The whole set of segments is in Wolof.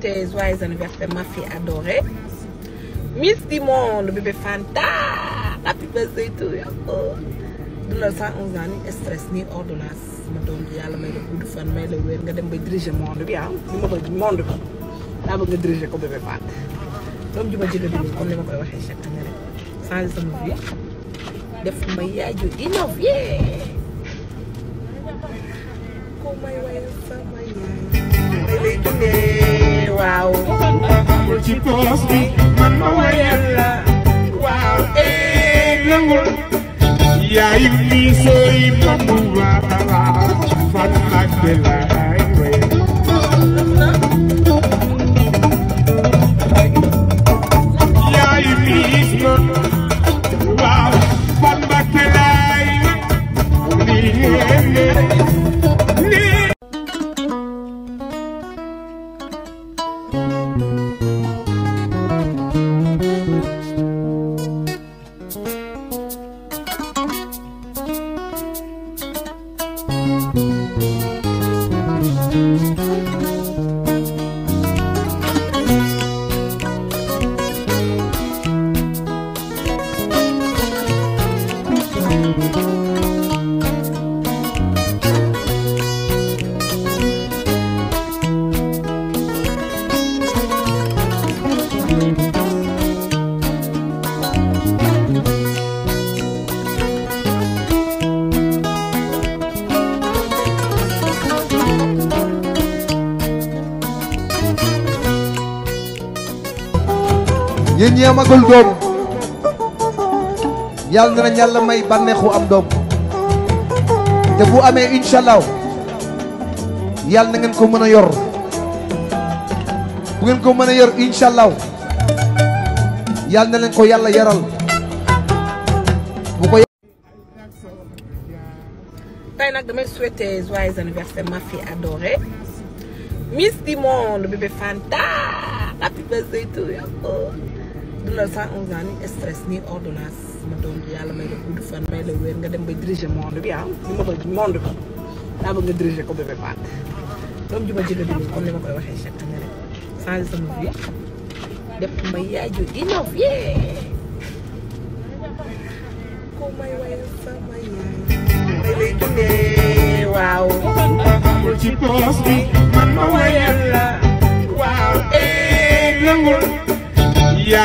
tey joyeux anniversaire ma fille adorée Miss du monde bébé Fanta happy birthday to you 111 ans ni stress ni ordonnance ma may la fan diriger monde bien. Je le monde diriger bébé Fanta Je comme année vie def ma may way waaw ci poos bi ma wayal la waaw ee nangul yaayu nii sooy ma mu waa fa nag de la yéen ñi amagul doom yàlla na nañ may may bànneexu am doom te bu amee incha allah yàlla ngeen ko mën a yor bu ngeen ko mën a yor incha allah yàlla na leen ko yàlla yaral nag damay souhaiter joyeux anniversaire ma fille adorée du la sax onze ni stress ni ordonnance ma doon yàlla may la gudd fan may la wér nga dem ba diriger monde bi ah li ma monde bi daa bëgg nga diriger ko bébé Pathé doom ju ma jëga comme ni ma koy waxee chaque année rek sama vie def ya ma yaay ju may lay ci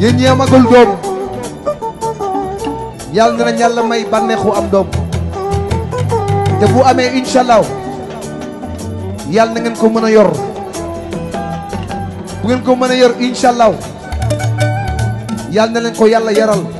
yéen ñi amagul doom yàlla na nañ yàlla may bànneexu am doom te bu amee incha allah yàlla na ngeen ko mën a yor bu ngeen ko mën a yor incha allah yàlla na leen ko yàlla yaral